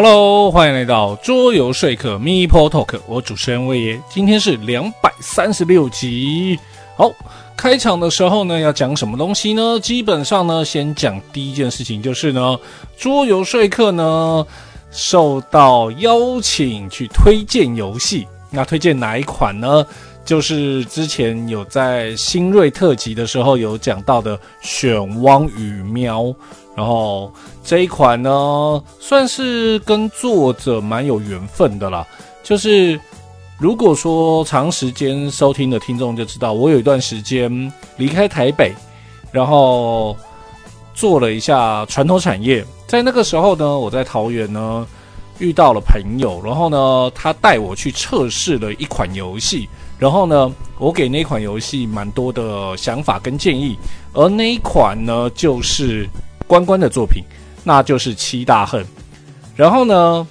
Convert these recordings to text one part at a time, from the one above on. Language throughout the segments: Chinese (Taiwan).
Hello，歡迎來到桌遊說客 MeepleTalk，我主持人魏爺，今天是兩百三十六集。好，開場的時候呢，要講什麼東西呢？基本上呢，先講第一件事情就是呢，桌遊說客呢受到邀請去推薦遊戲，那推薦哪一款呢？就是之前有在新銳特輯的時候有講到的《選汪與喵》，然後這一款呢，算是跟作者蠻有緣分的啦。就是如果說長時間收聽的聽眾就知道，我有一段時間離開台北，然後做了一下傳統產業。在那個時候呢，我在桃園呢遇到了朋友，然後呢，他帶我去測試了一款遊戲。然後呢，我給那款遊戲蠻多的想法跟建議，而那一款呢，就是關關的作品，那就是《七大恨》。然後呢，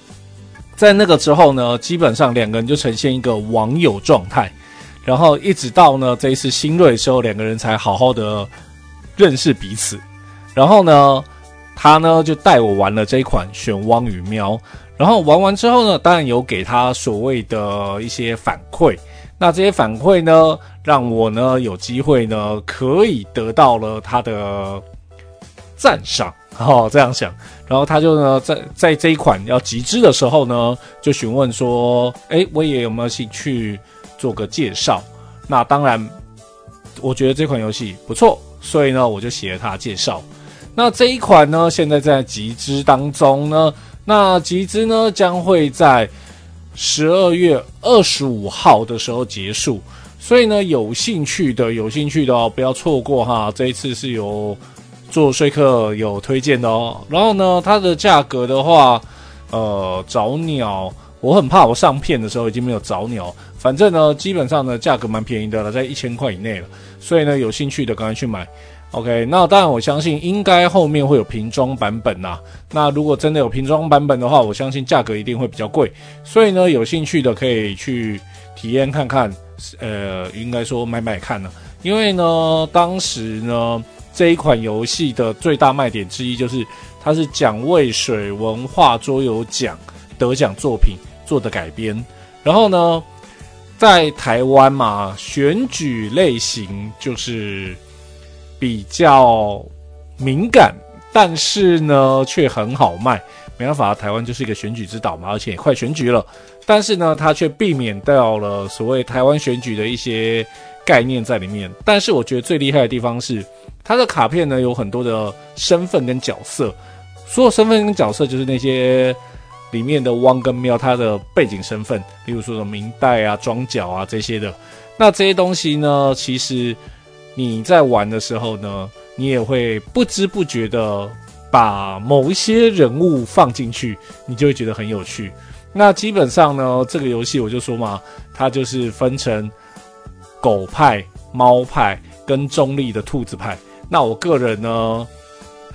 在那個之後呢，基本上兩個人就呈現一個網友狀態，然後一直到呢這一次新銳的時候，兩個人才好好的認識彼此。然後呢，他呢就帶我玩了這一款《玄汪與喵》，然後玩完之後呢，當然有給他所謂的一些反饋。那這些反饋呢，讓我呢有機會呢，可以得到了他的讚賞，哈、哦，這樣想，然後他就呢，在在這一款要集資的時候呢，就詢問說，哎、欸，我也有沒有興趣做個介紹？那當然，我覺得這款遊戲不錯，所以呢，我就寫了他的介紹。那這一款呢，現在在集資當中呢，那集資呢將會在十二月二十五號的時候結束，所以呢，有興趣的有興趣的哦，不要錯過哈。這一次是由桌遊說客有推薦的哦。然後呢，它的價格的話，呃，早鳥，我很怕我上片的時候已經沒有早鳥。反正呢，基本上呢，價格蠻便宜的了，在一千塊以內了。所以呢，有興趣的趕快去買。OK，那當然，我相信應該後面會有平裝版本啊，那如果真的有平裝版本的話，我相信價格一定會比較貴。所以呢，有興趣的可以去體驗看看，呃，應該說買買看了啊。因為呢，當時呢，這一款遊戲的最大賣點之一就是它是蔣渭水文化桌遊獎得獎作品做的改編。然後呢，在台灣嘛，選舉類型就是。比較敏感，但是呢，卻很好賣，沒辦法，台灣就是一個選舉之島嘛，而且也快選舉了。但是呢，它卻避免掉了所謂台灣選舉的一些概念在裡面。但是我覺得最厲害的地方是，它的卡片呢有很多的身份跟角色，所有身份跟角色就是那些裡面的汪跟喵，它的背景身份，例如說什麼明代啊、莊腳啊這些的。那這些東西呢，其實。你在玩的時候呢，你也會不知不覺的把某一些人物放進去，你就會覺得很有趣。那基本上呢，這個遊戲我就說嘛，它就是分成狗派、貓派跟中立的兔子派。那我個人呢，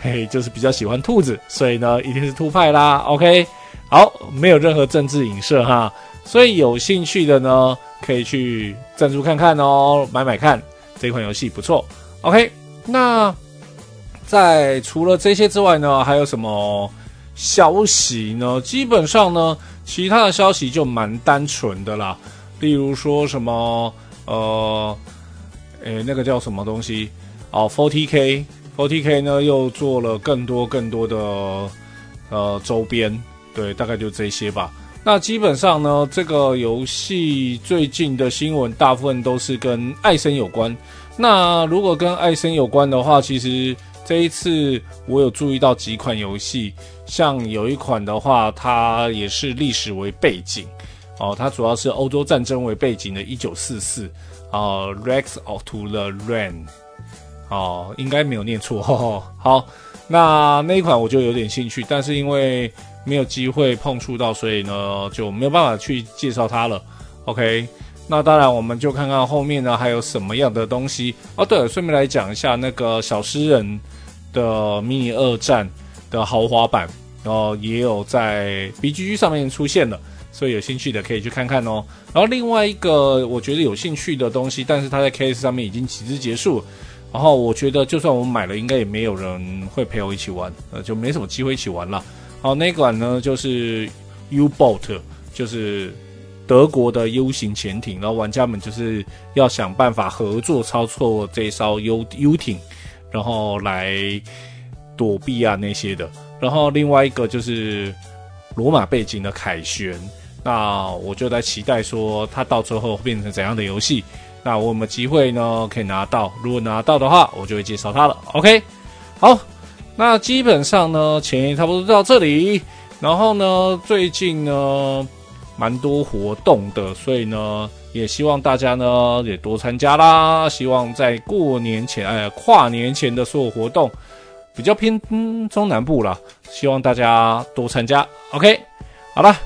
嘿，就是比較喜歡兔子，所以呢，一定是兔派啦。OK，好，沒有任何政治影射哈。所以有興趣的呢，可以去贊助看看哦，買買看。這款遊戲不錯。OK，那在除了這些之外呢，還有什麼消息呢？基本上呢，其他的消息就蠻單純的啦。例如說什麼，呃，誒，那個叫什麼東西？哦，40K，40K 呢又做了更多更多的呃周邊。對，大概就這些吧。那基本上呢，這個遊戲最近的新聞大部分都是跟艾森有關。那如果跟艾森有關的話，其實這一次我有注意到幾款遊戲，像有一款的話，它也是歷史為背景，哦，它主要是歐洲戰爭為背景的呃，《一九四四》啊，《Rex of the Run》哦，應該沒有念錯呵呵。好，那那一款我就有點興趣，但是因為沒有機會碰觸到，所以呢就沒有辦法去介紹它了。OK。那當然，我們就看看後面呢還有什麼樣的東西哦。對了，順便來講一下那個小詩人的迷你二戰的豪華版，然、呃、後也有在 B G G 上面出現了，所以有興趣的可以去看看哦。然後另外一個我覺得有興趣的東西，但是它在 K S 上面已經集資結束。然後我覺得就算我買了，應該也沒有人會陪我一起玩，呃，就沒什麼機會一起玩了。好，那一款呢就是 U Boat，就是。德國的 U 型潛艇，然後玩家們就是要想辦法合作操作這一艘 UU 艇，然後來躲避啊那些的。然後另外一個就是羅馬背景的凱旋，那我就在期待說它到最後會變成怎樣的遊戲。那我有沒有機會呢？可以拿到？如果拿到的話，我就會介紹它了。OK，好，那基本上呢，前一差不多到這裡。然後呢，最近呢。蠻多活動的，所以呢，也希望大家呢也多參加啦。希望在過年前，哎，跨年前的所有活動比較偏中南部啦，希望大家多參加。OK，好啦。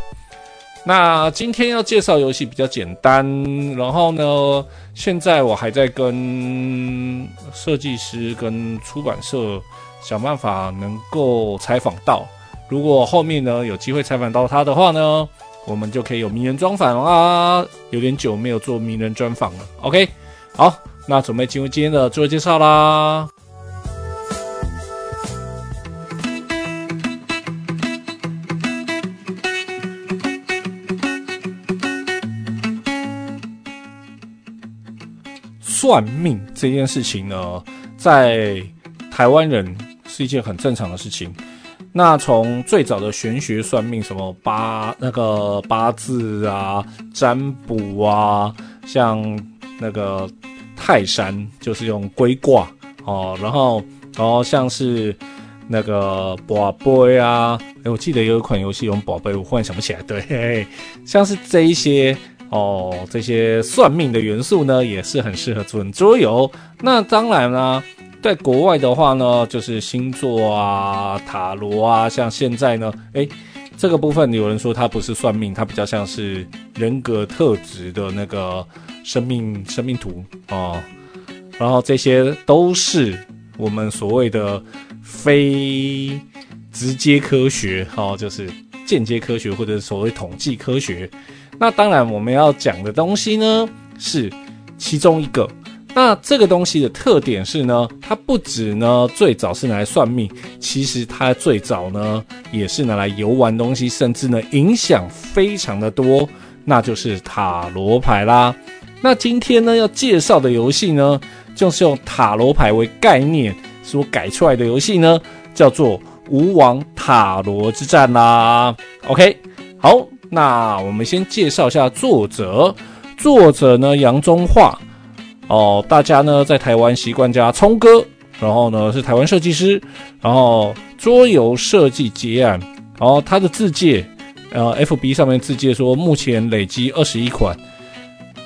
那今天要介紹遊戲比較簡單。然後呢，現在我還在跟設計師跟出版社想辦法能夠採訪到。如果後面呢有機會採訪到他的話呢？我們就可以有名人專訪啦，有點久沒有做名人專訪了。OK，好，那準備進入今天的最後介紹啦。算命這件事情呢，在台灣人是一件很正常的事情。那從最早的玄學算命，什麼八那個八字啊、占卜啊，像那個泰山就是用龜卦哦，然後然後、哦、像是那個博杯啊誒，我記得有一款遊戲用博杯，我忽然想不起來。對，像是這一些哦，這些算命的元素呢，也是很適合做桌遊。那當然啦、啊。在國外的話呢，就是星座啊、塔羅啊，像現在呢，誒，這個部分有人說它不是算命，它比較像是人格特質的那個生命生命圖哦，然後這些都是我們所謂的非直接科學哦，就是間接科學或者是所謂統計科學。那當然我們要講的東西呢，是其中一個。那這個東西的特點是呢，它不止呢最早是拿來算命，其實它最早呢也是拿來遊玩東西，甚至呢影響非常的多，那就是塔羅牌啦。那今天呢要介紹的遊戲呢，就是用塔羅牌為概念所改出來的遊戲呢，叫做《吾王塔羅之戰》啦。OK，好，那我們先介紹一下作者，作者呢楊中華。哦，大家呢在台灣習慣叫聰哥，然後呢是台灣設計師，然後桌遊設計結案，然後他的自介，呃，FB 上面自介說目前累積二十一款，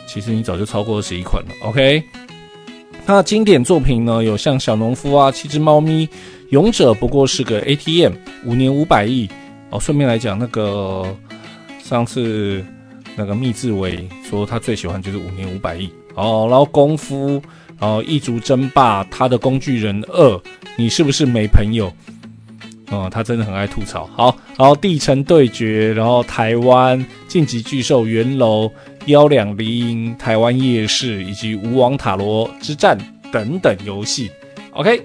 其實你早就超過二十一款了。OK，他的經典作品呢有像小農夫啊、七隻貓咪、勇者不過是個 ATM、五年五百億。哦，順便來講，那個上次那個蜜志維說他最喜歡就是五年五百億。哦，然後功夫，然後異族爭霸，他的工具人二，你是不是沒朋友？哦、嗯，他真的很愛吐槽。好，然後地城對決，然後台灣晉級巨獸元樓幺兩零，120，台灣夜市以及吾王塔羅之戰等等遊戲。OK，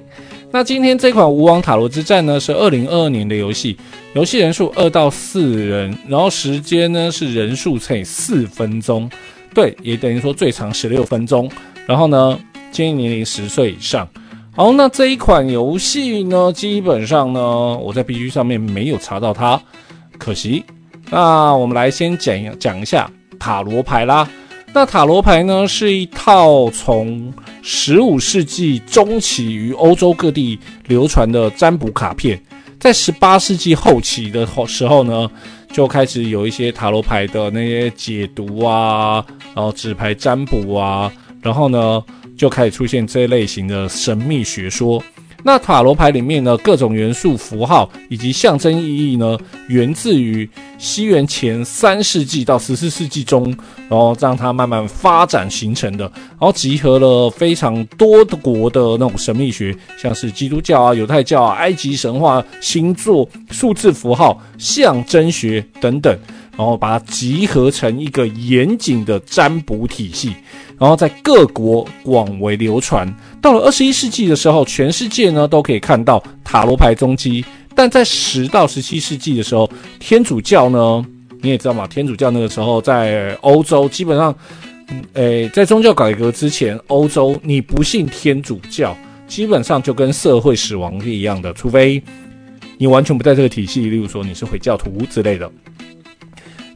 那今天這款吾王塔羅之戰呢，是二零二二年的遊戲，遊戲人數二到四人，然後時間呢是人數乘以四分鐘。對，也等於說最長十六分鐘，然後呢，建議年齡十歲以上。好、哦，那這一款遊戲呢，基本上呢，我在 BG 上面沒有查到它，可惜。那我們來先講講一下塔羅牌啦。那塔羅牌呢，是一套從十五世紀中期於歐洲各地流傳的占卜卡片。在十八世紀後期的後時候呢，就開始有一些塔羅牌的那些解讀啊，然後紙牌占卜啊，然後呢，就開始出現這一類型的神秘學說。那塔羅牌裡面呢，各種元素符號以及象徵意義呢，源自於西元前三世紀到十四世紀中，然後讓它慢慢發展形成的，然後集合了非常多國的那種神秘學，像是基督教啊、猶太教啊、埃及神話、星座、數字符號、象徵學等等。然後把它集合成一個嚴謹的占卜體系，然後在各國廣為流傳。到了二十一世紀的時候，全世界呢都可以看到塔羅牌蹤跡。但在十到十七世紀的時候，天主教呢，你也知道嘛？天主教那個時候在歐洲，基本上，呃、嗯，欸，在宗教改革之前，歐洲你不信天主教，基本上就跟社會死亡是一樣的，除非你完全不在這個體系，例如說你是回教徒之類的。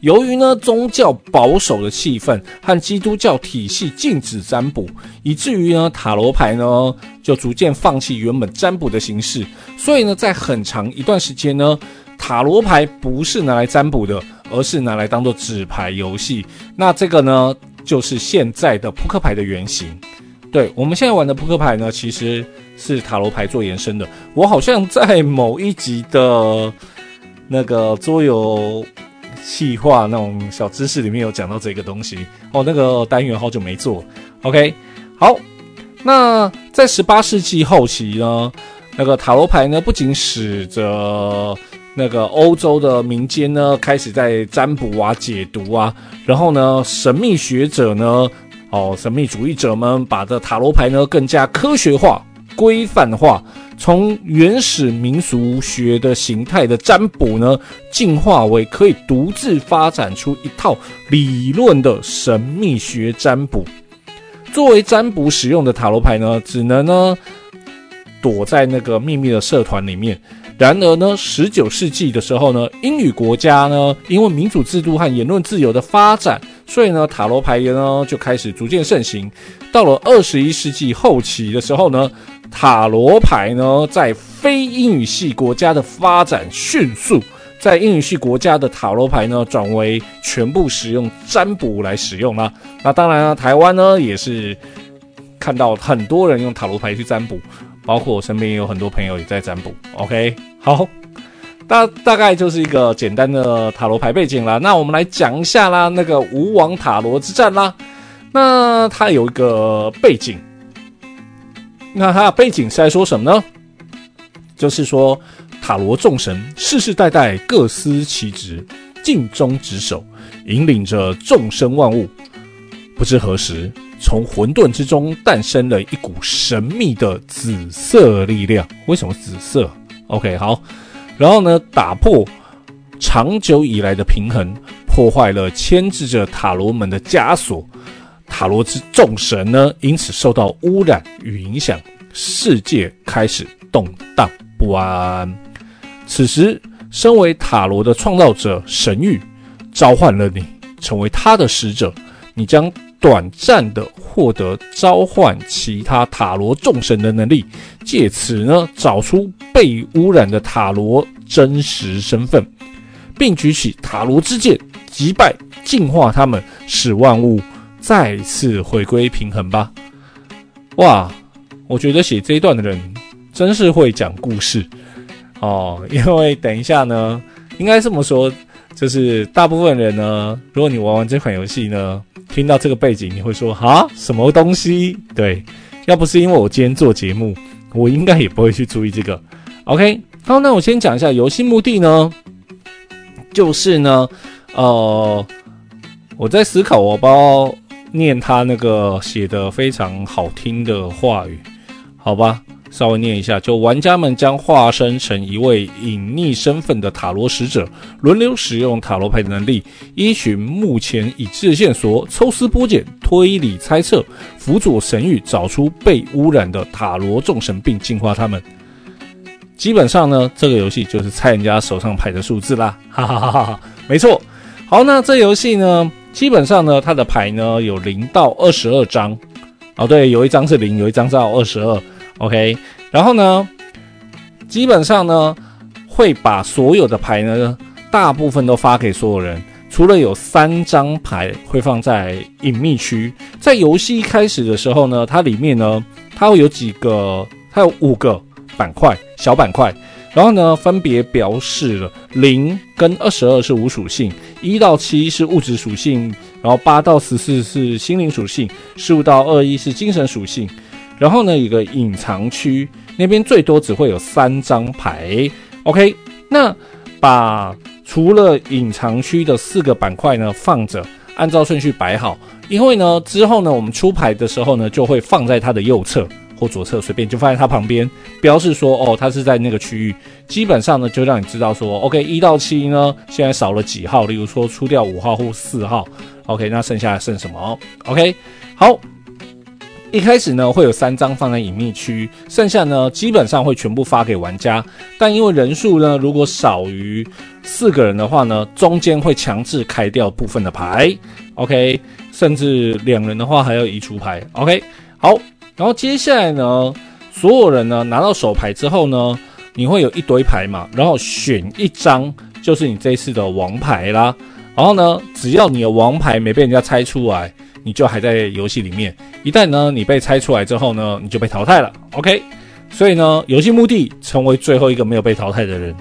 由於呢，宗教保守的氣氛和基督教體系禁止占卜，以至於呢塔羅牌呢就逐漸放棄原本占卜的形式。所以呢，在很長一段時間呢，塔羅牌不是拿來占卜的，而是拿來當做紙牌遊戲。那這個呢，就是現在的撲克牌的原型。對，我們現在玩的撲克牌呢，其實是塔羅牌做延伸的。我好像在某一集的那個桌遊。氣化那種小知識裡面有講到這個東西哦，那個單元好久沒做，OK，好，那在十八世紀後期呢，那個塔羅牌呢不僅使得那個歐洲的民間呢開始在占卜啊、解讀啊，然後呢，神秘學者呢，哦，神秘主義者們把這塔羅牌呢更加科學化。規範化，從原始民俗學的形態的占卜呢，進化為可以獨自發展出一套理論的神秘學占卜。作為占卜使用的塔羅牌呢，只能呢躲在那個秘密的社團裡面。然而呢，十九世紀的時候呢，英語國家呢，因為民主制度和言論自由的發展。所以呢，塔羅牌呢就開始逐漸盛行。到了二十一世紀後期的時候呢，塔羅牌呢在非英語系國家的發展迅速，在英語系國家的塔羅牌呢轉為全部使用占卜來使用啦。那當然了，台灣呢也是看到很多人用塔羅牌去占卜，包括我身邊也有很多朋友也在占卜。OK，好。大大概就是一個簡單的塔羅牌背景啦。那我們來講一下啦，那個吾王塔羅之戰啦。那它有一個背景，那它的背景是在說什麼呢？就是說，塔羅眾神世世代代各司其職，盡忠職守，引領着眾生萬物。不知何時，從混沌之中誕生了一股神秘的紫色力量。為什麼紫色？OK，好。然後呢，打破長久以來的平衡，破壞了牽制着塔羅門的枷鎖，塔羅之眾神呢，因此受到污染與影響，世界開始動盪不安。此時，身為塔羅的創造者神諭召喚了你，成為他的使者，你將。短暫的獲得召喚其他塔羅眾神的能力，借此呢，找出被污染的塔羅真實身份，並舉起塔羅之劍擊敗、淨化他們，使萬物再次回歸平衡吧！哇，我覺得寫這一段的人真是會講故事哦，因為等一下呢，應該這麼說。就是大部分人呢，如果你玩完這款遊戲呢，聽到這個背景，你會說啊，什麼東西？對，要不是因為我今天做節目，我應該也不會去注意這個。OK，好，那我先講一下遊戲目的呢，就是呢，呃，我在思考，我包念他那個寫的非常好聽的話語，好吧？稍微念一下，就玩家們將化身成一位隱匿身份的塔羅使者，輪流使用塔羅牌的能力，依循目前已知的線索，抽絲剝繭，推理猜測，輔佐神域找出被污染的塔羅眾神，並淨化他們。基本上呢，這個遊戲就是猜人家手上牌的數字啦，哈哈哈哈！沒錯。好，那這遊戲呢，基本上呢，它的牌呢有零到二十二張。哦，對，有一張是零，有一張是二十二。OK，然後呢，基本上呢，會把所有的牌呢，大部分都發給所有人，除了有三張牌會放在隱秘區。在遊戲一開始的時候呢，它裡面呢，它會有幾個，它有五個板塊，小板塊，然後呢，分別表示了零跟二十二是無屬性，一到七是物質屬性，然後八到十四是心靈屬性，十五到二一是精神屬性。然後呢，有個隱藏區那邊最多只會有三張牌。OK，那把除了隱藏區的四個板塊呢放着，按照順序擺好。因為呢，之後呢我們出牌的時候呢，就會放在它的右側或左側，隨便就放在它旁邊，標示說哦，它是在那個區域。基本上呢，就讓你知道說，OK，一到七呢現在少了幾號，例如說出掉五號或四號。OK，那剩下剩什麼？OK，好。一開始呢，會有三張放在隱祕區，剩下呢基本上會全部發給玩家。但因為人數呢，如果少於四個人的話呢，中間會強制開掉部分的牌，OK？甚至兩人的話還要移除牌，OK？好，然後接下來呢，所有人呢拿到手牌之後呢，你會有一堆牌嘛，然後選一張就是你這一次的王牌啦。然後呢，只要你的王牌沒被人家猜出來。你就還在遊戲裡面，一旦呢你被猜出來之後呢，你就被淘汰了。OK，所以呢遊戲目的，成為最後一個沒有被淘汰的人，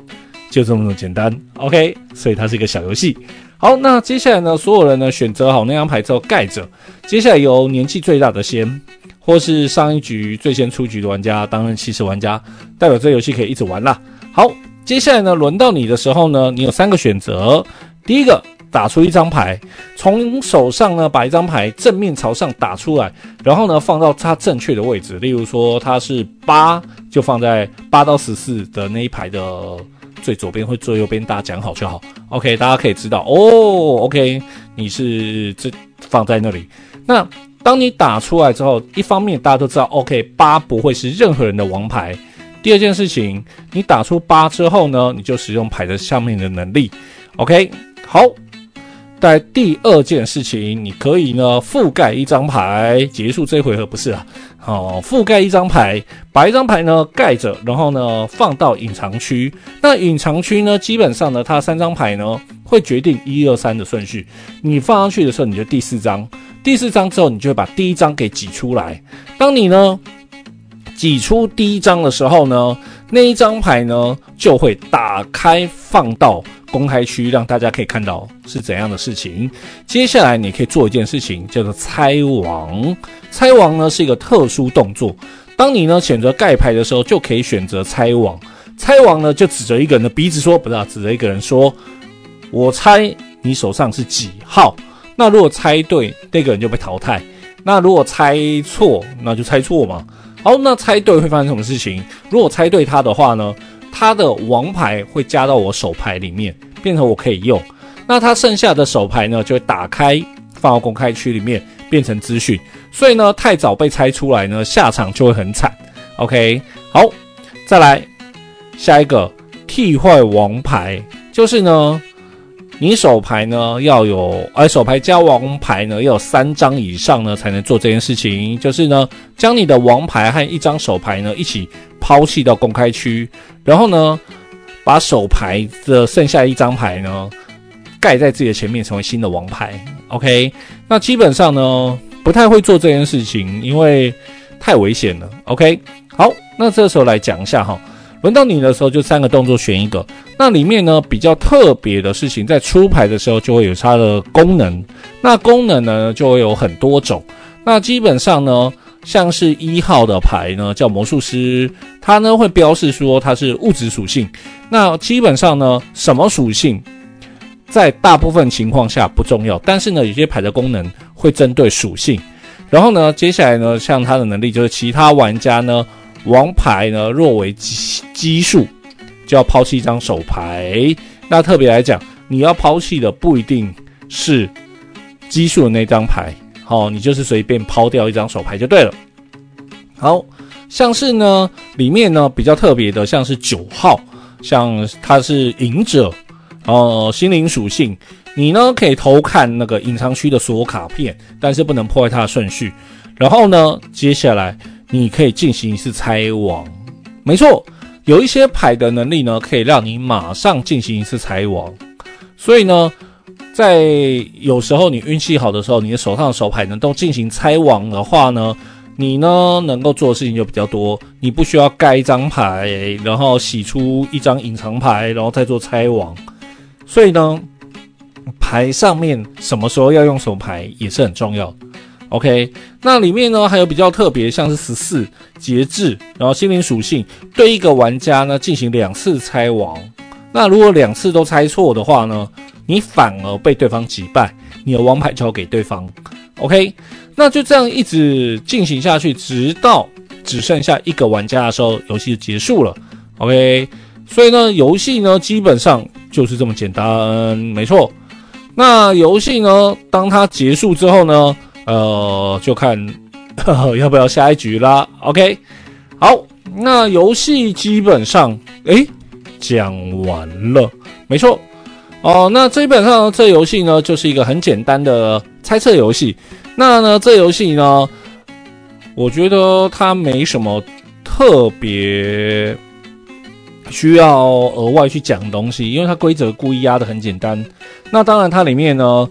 就這麼簡單。OK，所以它是一個小遊戲。好，那接下來呢，所有人呢選擇好那張牌之後蓋着。接下來由年紀最大的先，或是上一局最先出局的玩家擔任起始玩家，代表這遊戲可以一直玩啦。好，接下來呢輪到你的時候呢，你有三個選擇，第一個。打出一張牌，從手上呢把一張牌正面朝上打出來，然後呢放到它正確的位置。例如說它是八，就放在八到十四的那一排的最左邊或最右邊，大家講好就好。OK，大家可以知道哦。OK，你是這放在那裡。那當你打出來之後，一方面大家都知道，OK，八不會是任何人的王牌。第二件事情，你打出八之後呢，你就使用牌的下面的能力。OK，好。在第二件事情，你可以呢覆蓋一張牌結束這一回合，不是啊？好，覆蓋一張牌，把一張牌呢蓋着，然後呢放到隱藏區。那隱藏區呢，基本上呢，它三張牌呢會決定一二三的順序。你放上去的時候，你就第四張，第四張之後，你就會把第一張給擠出來。當你呢擠出第一張的時候呢，那一張牌呢就會打開放到。公開區讓大家可以看到是怎樣的事情。接下來你可以做一件事情叫做猜王。猜王呢是一個特殊動作，當你呢選擇蓋牌的時候，就可以選擇猜王。猜王呢就指着一個人的鼻子說，不是啊，指着一個人說，我猜你手上是幾號。那如果猜對，那個人就被淘汰。那如果猜錯，那就猜錯嘛。好，那猜對會發生什麼事情？如果猜對他的話呢？他的王牌會加到我手牌裡面，變成我可以用。那他剩下的手牌呢，就會打開放到公開區裡面，變成資訊。所以呢，太早被猜出來呢，下場就會很慘。OK，好，再來下一個，替換王牌就是呢。你手牌呢要有，而、呃、手牌加王牌呢要有三張以上呢，才能做這件事情。就是呢，將你的王牌和一張手牌呢一起拋棄到公開區，然後呢，把手牌的剩下一張牌呢蓋在自己的前面，成為新的王牌。OK，那基本上呢不太會做這件事情，因為太危險了。OK，好，那這時候來講一下哈。輪到你的時候，就三個動作選一個。那裡面呢比較特別的事情，在出牌的時候就會有它的功能。那功能呢就會有很多種。那基本上呢，像是一號的牌呢叫魔術師，它呢會標示說它是物質屬性。那基本上呢，什麼屬性在大部分情況下不重要，但是呢有些牌的功能會針對屬性。然後呢，接下來呢像它的能力就是其他玩家呢。王牌呢，若為奇奇數，就要拋棄一張手牌。那特別來講，你要拋棄的不一定是奇數的那張牌，哦，你就是隨便拋掉一張手牌就對了。好，像是呢，裡面呢比較特別的，像是九號，像他是隱者，哦、呃，心靈屬性，你呢可以偷看那個隱藏區的所有卡片，但是不能破壞它的順序。然後呢，接下來。你可以進行一次拆網，沒錯，有一些牌的能力呢，可以讓你馬上進行一次拆網。所以呢，在有時候你運氣好的時候，你的手上的手牌能夠進行拆網的話呢，你呢能夠做的事情就比較多，你不需要蓋一張牌，然後洗出一張隱藏牌，然後再做拆網。所以呢，牌上面什麼時候要用手牌也是很重要。OK，那裡面呢，還有比較特別，像是十四節制，然後心靈屬性對一個玩家呢進行兩次猜王。那如果兩次都猜錯的話呢，你反而被對方擊敗，你的王牌交給對方。OK，那就這樣一直進行下去，直到只剩下一個玩家的時候，遊戲就結束了。OK，所以呢，遊戲呢基本上就是這麼簡單。嗯，沒錯。那遊戲呢，當它結束之後呢？呃，就看呵呵要不要下一局啦。OK，好，那遊戲基本上誒，講完了，沒錯哦，呃，那基本上這遊戲呢就是一個很簡單的猜測遊戲。那呢這遊戲呢，我覺得它沒什麼特別需要額外去講東西，因為它規則故意壓得很簡單。那當然它裡面呢。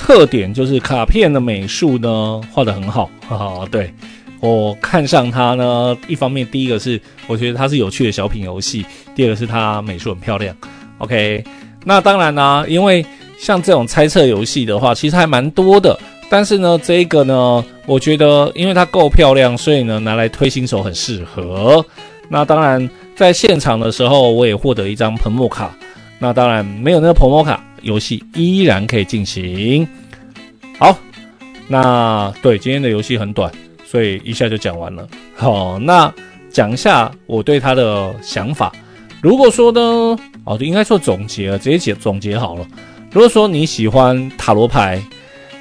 特點就是卡片的美術呢畫得很好哈、啊，對我看上它呢，一方面第一個是我覺得它是有趣的小品遊戲，第二個是它美術很漂亮。OK，那當然啦、啊，因為像這種猜測遊戲的話，其實還蠻多的，但是呢這一個呢，我覺得因為它夠漂亮，所以呢拿來推新手很適合。那當然在現場的時候，我也獲得一張彭莫卡，那當然沒有那個彭莫卡，遊戲依然可以進行。好，那對今天的遊戲很短，所以一下就講完了。好，那講一下我對他的想法。如果說呢，哦，就應該說總結了，直接結總結好了。如果說你喜歡塔羅牌，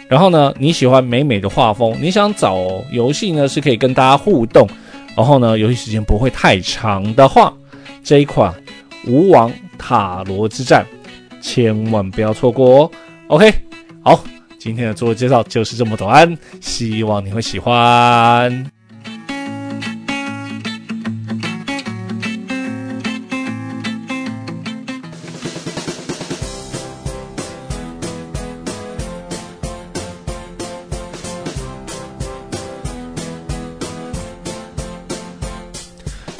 然後呢你喜歡美美的畫風，你想找遊戲呢是可以跟大家互動，然後呢遊戲時間不會太長的話，這一款《吾王塔羅之戰》。千萬不要錯過哦！OK，好，今天的自我介紹就是這麼短，希望你會喜歡。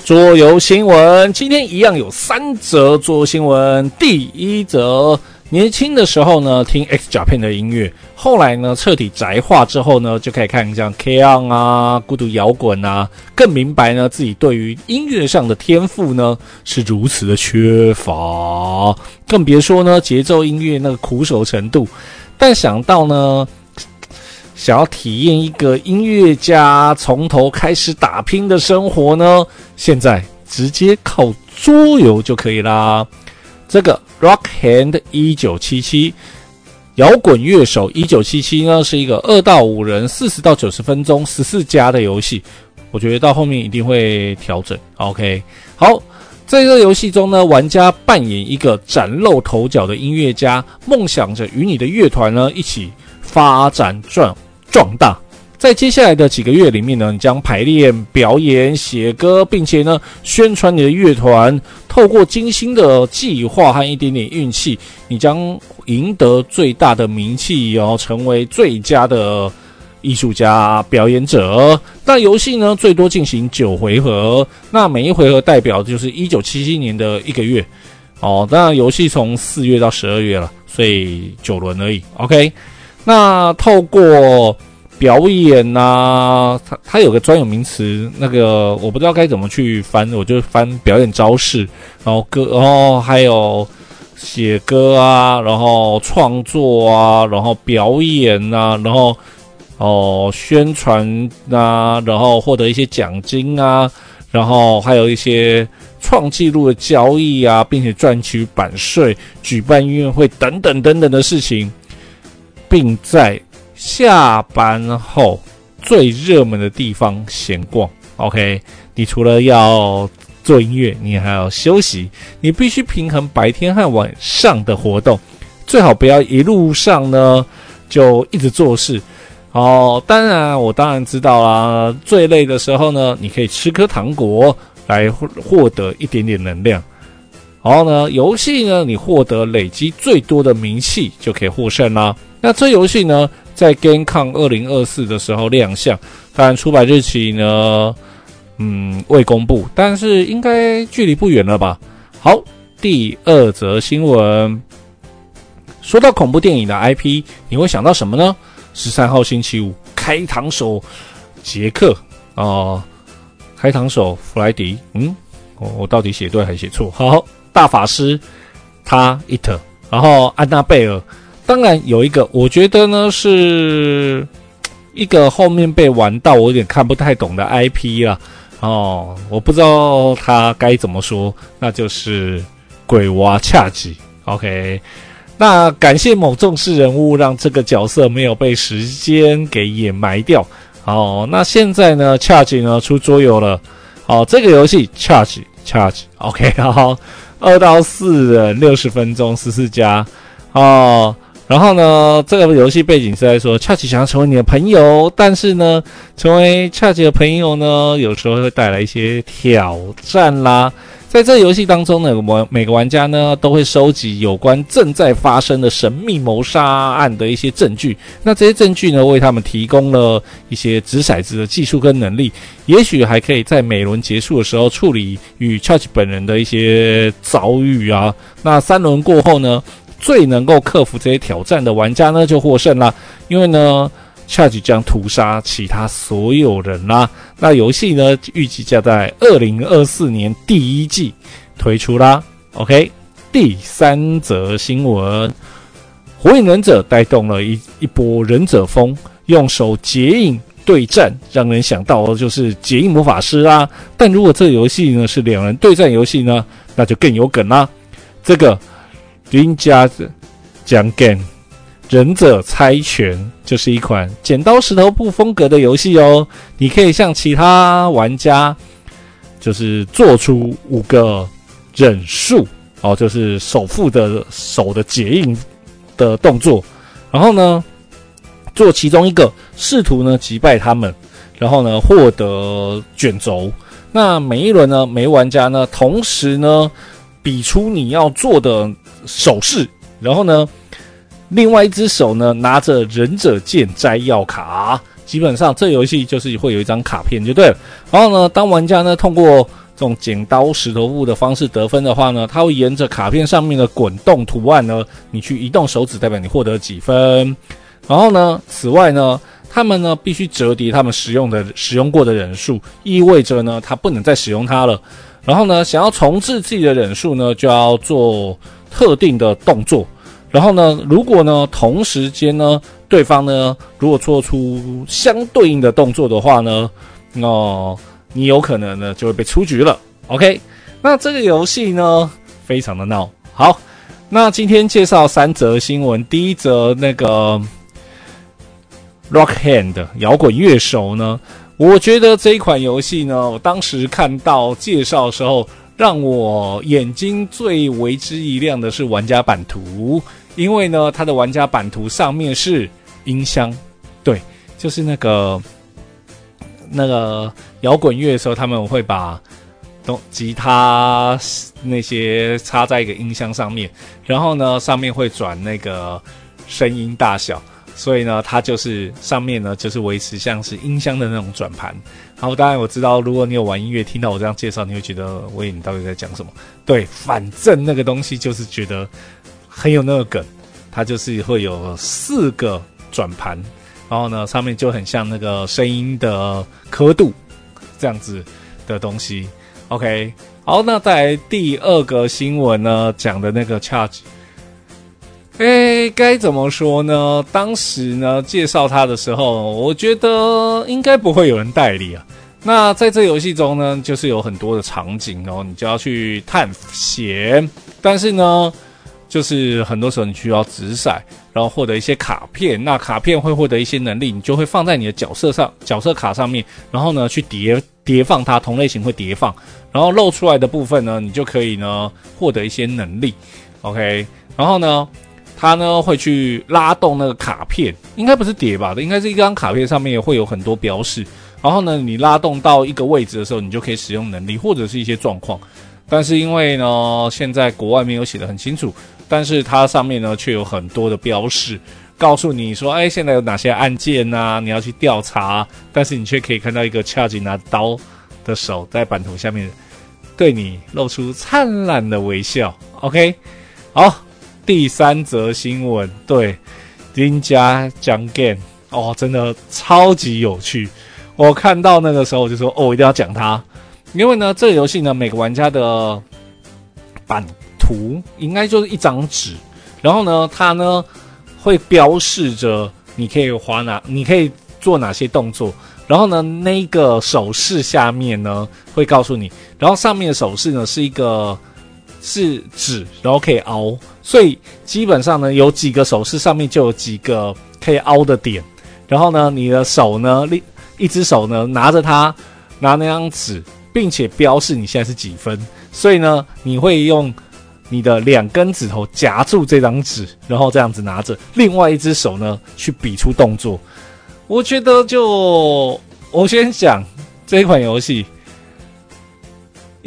桌遊新聞今天一樣有三則桌遊新聞。第一則，年輕的時候呢，聽 X Japan 的音樂，後來呢，徹底宅化之後呢，就可以看像 K-On 啊、孤獨搖滾啊，更明白呢自己對於音樂上的天賦呢是如此的缺乏，更別說呢節奏音樂那個苦手程度。但想到呢。想要體驗一個音樂家從頭開始打拼的生活呢？現在直接靠桌遊就可以啦。這個《Rock Hand 1977》搖滾樂手1977呢是一個二到五人、四十到九十分鐘、十四加的遊戲。我覺得到後面一定會調整。OK，好，在這個遊戲中呢，玩家扮演一個嶄露頭角的音樂家，夢想着與你的樂團呢一起發展壯。壯大，在接下來的幾個月裡面呢，你將排練、表演、寫歌，並且呢宣傳你的樂團。透過精心的計劃和一點點運氣，你將贏得最大的名氣，然後成為最佳的藝術家表演者。但遊戲呢，最多進行九回合。那每一回合代表就是一九七七年的一個月哦。那遊戲從四月到十二月了，所以九輪而已。OK。那透過表演啊，他他有個專有名詞，那個我不知道該怎麼去翻，我就翻表演招式，然後歌，然後哦還有寫歌啊，然後創作啊，然後表演啊，然後哦宣傳啊，然後獲得一些獎金啊，然後還有一些創紀錄的交易啊，並且賺取版稅、舉辦音樂會等等等等的事情。並在下班後最熱門的地方閒逛。OK，你除了要做音樂，你還要休息，你必須平衡白天和晚上的活動。最好不要一路上呢就一直做事。哦，當然我當然知道啦。最累的時候呢，你可以吃顆糖果來獲得一點點能量。然後呢，遊戲呢，你獲得累積最多的名氣就可以獲勝啦。那這遊戲呢，在 GameCon 二零二四的時候亮相，當然出版日期呢，嗯，未公布，但是應該距離不遠了吧？好，第二則新聞，說到恐怖電影的 IP，你會想到什麼呢？十三號星期五，開膛手傑克哦、呃，開膛手弗萊迪，嗯、哦，我到底寫對還是寫錯？好，大法師他伊特，It，然後安娜貝爾。當然有一個，我覺得呢是一個後面被玩到我有點看不太懂的 IP 啊。哦，我不知道他該怎麼說，那就是鬼娃恰吉。OK，那感謝某重視人物讓這個角色沒有被時間給掩埋掉。哦，那現在呢，恰吉呢出桌遊了。哦，這個遊戲恰吉恰吉。Char ge, Char ge, OK，然後二到四人，六十分鐘，十四加。哦。然後呢，這個遊戲背景是在說，恰奇想要成為你的朋友，但是呢，成為恰奇的朋友呢，有時候會帶來一些挑戰啦。在這遊戲當中呢，我們每個玩家呢，都會收集有關正在發生的神秘謀殺案的一些證據。那這些證據呢，為他們提供了一些擲色子的技術跟能力，也許還可以在每輪結束的時候處理與恰奇本人的一些遭遇啊。那三輪過後呢，最能夠克服這些挑戰的玩家呢，就獲勝啦。因為呢 c h a 將屠殺其他所有人啦、啊。那遊戲呢，預計將在二零二四年第一季推出啦。OK，第三則新聞，《火影忍者》帶動了一一波忍者風，用手結印對戰，讓人想到的就是結印魔法師啦、啊。但如果這個遊戲呢，是兩人對戰遊戲呢，那就更有梗啦。這個。Green Jazz 講 Game，忍者猜拳就是一款剪刀石頭布風格的遊戲哦。你可以向其他玩家就是做出五個忍術哦，就是手部的手的結印的動作。然後呢，做其中一個，試圖呢擊敗他們，然後呢獲得卷軸。那每一輪呢，每位玩家呢，同時呢比出你要做的，手勢，然後呢，另外一隻手呢拿着《忍者劍摘要卡》，基本上這遊戲就是會有一張卡片，就對了。然後呢，當玩家呢通過這種剪刀石頭布的方式得分的話呢，他會沿着卡片上面的滾動圖案呢，你去移動手指，代表你獲得幾分。然後呢，此外呢，他們呢必須折疊他們使用的使用過的忍術，意味着呢他不能再使用它了。然後呢，想要重置自己的忍術呢，就要做。特定的動作，然後呢，如果呢同時間呢，對方呢如果做出相對應的動作的話呢，哦，你有可能呢就會被出局了。OK，那這個遊戲呢非常的鬧。好，那今天介紹三則新聞，第一則那個 Rock Hand 搖滾樂手呢，我覺得這一款遊戲呢，我當時看到介紹的時候。讓我眼睛最為之一亮的是玩家版圖，因為呢，它的玩家版圖上面是音箱，對，就是那個那個搖滾樂的時候，他們會把電吉他那些插在一個音箱上面，然後呢，上面會轉那個聲音大小。所以呢，它就是上面呢，就是維持像是音箱的那種轉盤。好，當然我知道，如果你有玩音樂，聽到我這樣介紹，你會覺得喂，你到底在講什麼？對，反正那個東西就是覺得很有那個梗。它就是會有四個轉盤，然後呢，上面就很像那個聲音的刻度這樣子的東西。OK，好，那在第二個新聞呢，講的那個 charge。哎，該怎麼說呢？當時呢，介紹它的時候，我覺得應該不會有人代理啊。那在這遊戲中呢，就是有很多的場景哦，然後你就要去探險。但是呢，就是很多時候你需要擲骰，然後獲得一些卡片。那卡片會獲得一些能力，你就會放在你的角色上，角色卡上面。然後呢，去疊疊放它，同類型會疊放。然後露出來的部分呢，你就可以呢獲得一些能力。OK，然後呢？它呢會去拉動那個卡片，應該不是碟吧，應該是一張卡片，上面也會有很多標識，然後呢，你拉動到一個位置的時候，你就可以使用能力或者是一些狀況。但是因為呢，現在國外沒有寫的很清楚，但是它上面呢卻有很多的標識，告訴你說，哎，現在有哪些案件啊？你要去調查。但是你卻可以看到一個恰吉拿刀的手在版圖下面，對你露出燦爛的微笑。OK，好。第三則新聞，對，丁家講 game 哦，真的超級有趣。我看到那個時候我就說，哦，我一定要講它，因為呢，這個遊戲呢，每個玩家的版圖應該就是一張紙，然後呢，它呢會標示着你可以劃哪，你可以做哪些動作，然後呢，那個手勢下面呢會告訴你，然後上面的手勢呢是一個。是紙，然後可以凹，所以基本上呢，有幾個手勢上面就有幾個可以凹的點。然後呢，你的手呢，一一隻手呢，拿着它，拿那張紙，並且標示你現在是幾分。所以呢，你會用你的兩根指頭夾住這張紙，然後這樣子拿着，另外一隻手呢，去比出動作。我覺得就，我先講這款遊戲。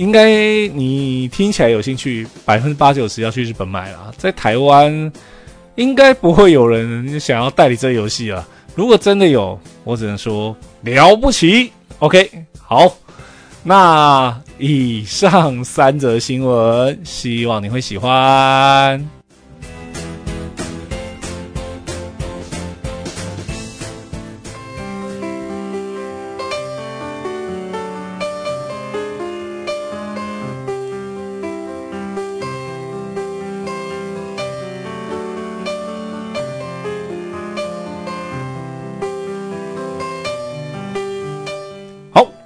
應該你聽起來有興趣，百分之八九十要去日本買啦，在台灣應該不會有人想要代理這遊戲啦。如果真的有，我只能說了不起。OK，好，那以上三則新聞，希望你會喜歡。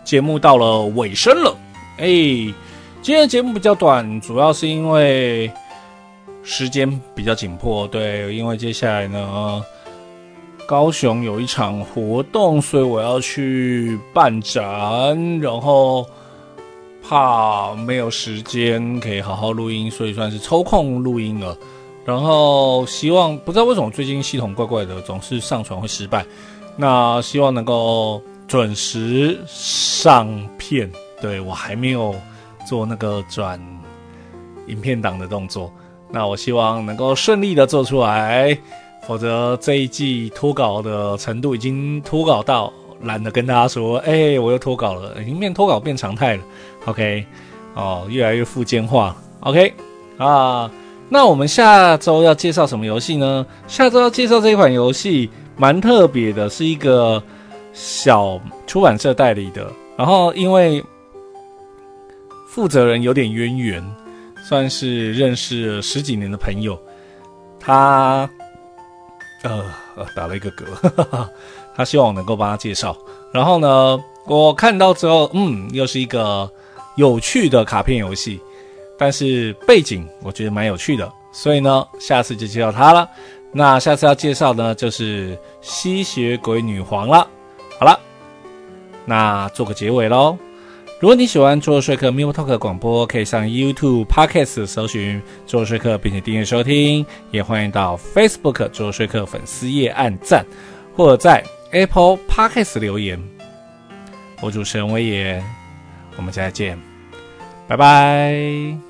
節目到了尾聲了，哎，今天的節目比較短，主要是因為時間比較緊迫，對，因為接下來呢，高雄有一場活動，所以我要去辦展，然後怕沒有時間可以好好錄音，所以算是抽空錄音了。然後希望，不知道為什麼最近系統怪怪的，總是上傳會失敗，那希望能夠。準時上片，對，我還沒有做那個轉影片檔的動作，那我希望能夠順利的做出來，否則這一季脫稿的程度已經脫稿到懶得跟大家說，哎、欸，我又脫稿了，影片脫稿變常態了，OK，哦，越來越負間化，OK 啊，那我們下周要介紹什麼遊戲呢？下周要介紹這一款遊戲，蠻特別的，是一個。小出版社代理的，然後因為負責人有點淵源，算是認識了十幾年的朋友，他呃打了一個嗝，他希望我能夠幫他介紹。然後呢，我看到之後，嗯，又是一個有趣的卡片遊戲，但是背景我覺得蠻有趣的，所以呢，下次就介紹他了。那下次要介紹的呢，就是吸血鬼女皇了啦。好了，那做個結尾嘍。如果你喜歡桌遊說客 MeepleTalk 的廣播，可以上 YouTube Podcast 搜尋桌遊說客，並且訂閱收聽。也歡迎到 Facebook 桌遊說客粉絲頁按讚，或者在 Apple Podcast 留言。我主持人威言，我們下次見，拜拜。